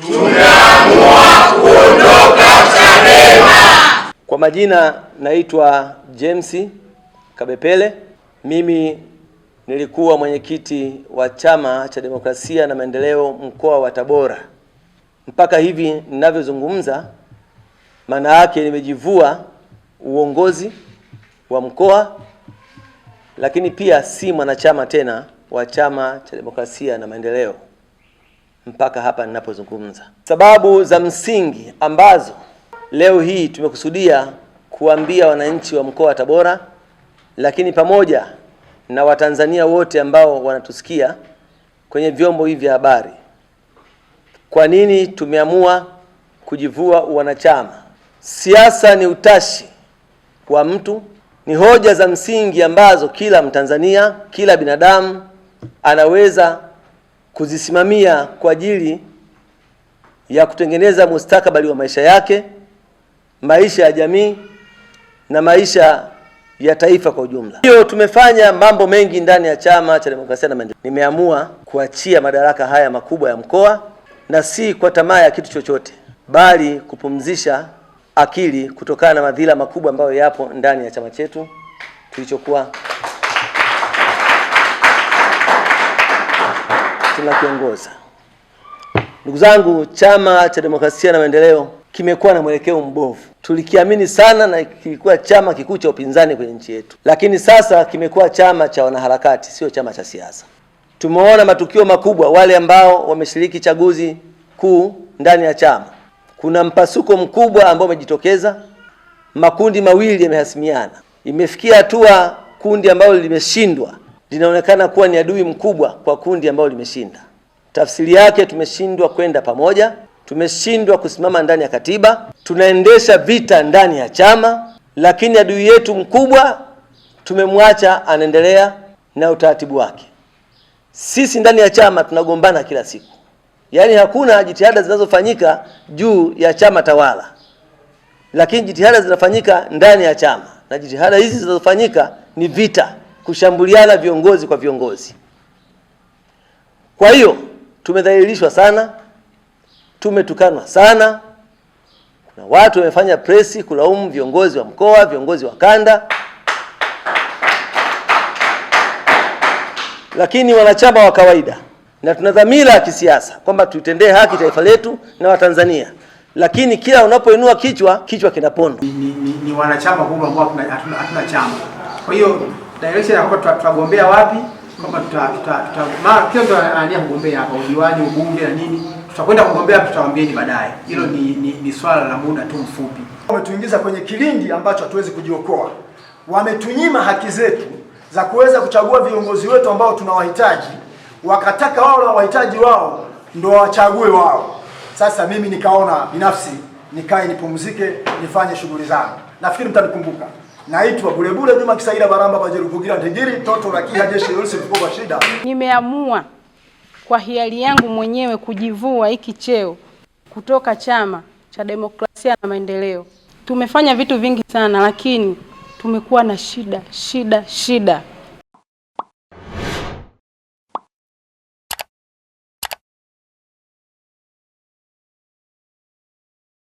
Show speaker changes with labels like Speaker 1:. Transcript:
Speaker 1: tunaamua kuondoka Chadema. Kwa majina naitwa James Kabepele. Mimi nilikuwa mwenyekiti wa Chama cha Demokrasia na Maendeleo mkoa wa Tabora. Mpaka hivi ninavyozungumza, maana yake nimejivua uongozi wa mkoa, lakini pia si mwanachama tena wa Chama cha Demokrasia na Maendeleo mpaka hapa ninapozungumza. Sababu za msingi ambazo leo hii tumekusudia kuambia wananchi wa mkoa wa Tabora, lakini pamoja na Watanzania wote ambao wanatusikia kwenye vyombo hivi vya habari, kwa nini tumeamua kujivua wanachama Siasa ni utashi wa mtu, ni hoja za msingi ambazo kila Mtanzania, kila binadamu anaweza kuzisimamia kwa ajili ya kutengeneza mustakabali wa maisha yake, maisha ya jamii na maisha ya taifa kwa ujumla. Hiyo tumefanya mambo mengi ndani ya Chama cha Demokrasia na Maendeleo. Nimeamua kuachia madaraka haya makubwa ya mkoa, na si kwa tamaa ya kitu chochote, bali kupumzisha akili kutokana na madhila makubwa ambayo yapo ndani ya chama chetu kilichokuwa tunakiongoza. Ndugu zangu, Chama cha Demokrasia na Maendeleo kimekuwa na mwelekeo mbovu. Tulikiamini sana na kilikuwa chama kikuu cha upinzani kwenye nchi yetu, lakini sasa kimekuwa chama cha wanaharakati, sio chama cha siasa. Tumeona matukio makubwa, wale ambao wameshiriki chaguzi kuu ndani ya chama, kuna mpasuko mkubwa ambao umejitokeza. Makundi mawili yamehasimiana, imefikia hatua kundi ambalo limeshindwa linaonekana kuwa ni adui mkubwa kwa kundi ambalo limeshinda. Tafsiri yake tumeshindwa kwenda pamoja, tumeshindwa kusimama ndani ya katiba, tunaendesha vita ndani ya chama, lakini adui yetu mkubwa tumemwacha anaendelea na utaratibu wake. Sisi ndani ya chama tunagombana kila siku, yaani hakuna jitihada zinazofanyika juu ya chama tawala, lakini jitihada zinafanyika ndani ya chama, na jitihada hizi zinazofanyika ni vita kushambuliana viongozi kwa viongozi. Kwa hiyo tumedhalilishwa sana, tumetukanwa sana, kuna watu wamefanya presi kulaumu viongozi wa mkoa, viongozi wa kanda lakini wanachama wa kawaida na tuna dhamira ya kisiasa kwamba tuitendee haki taifa letu na Watanzania, lakini kila unapoinua kichwa kichwa kinapondwa. Ni, ni, ni wanachama ambao hatuna chama, kwa hiyo direction ya kwamba tutagombea wapi, kwamba kila anania kugombea hapa udiwani, ubunge na nini, tutakwenda kugombea hapo, tutawaambieni baadaye. Hilo ni, ni, ni swala la muda tu mfupi.
Speaker 2: Wametuingiza kwenye kilindi ambacho hatuwezi kujiokoa, wametunyima haki zetu za kuweza kuchagua viongozi wetu ambao tunawahitaji, wakataka wao na wahitaji wao ndo wachague wao. Sasa mimi nikaona binafsi nikae nipumzike, nifanye shughuli zangu. Nafikiri mtanikumbuka. Naitwa Bulebule Juma Kisaira Baramba kwa Jeruvugira Ndigiri toto la kiha jeshi sipo kwa shida.
Speaker 3: Nimeamua kwa hiari yangu mwenyewe kujivua hiki cheo kutoka Chama cha Demokrasia na Maendeleo. Tumefanya vitu vingi sana, lakini tumekuwa na shida shida shida.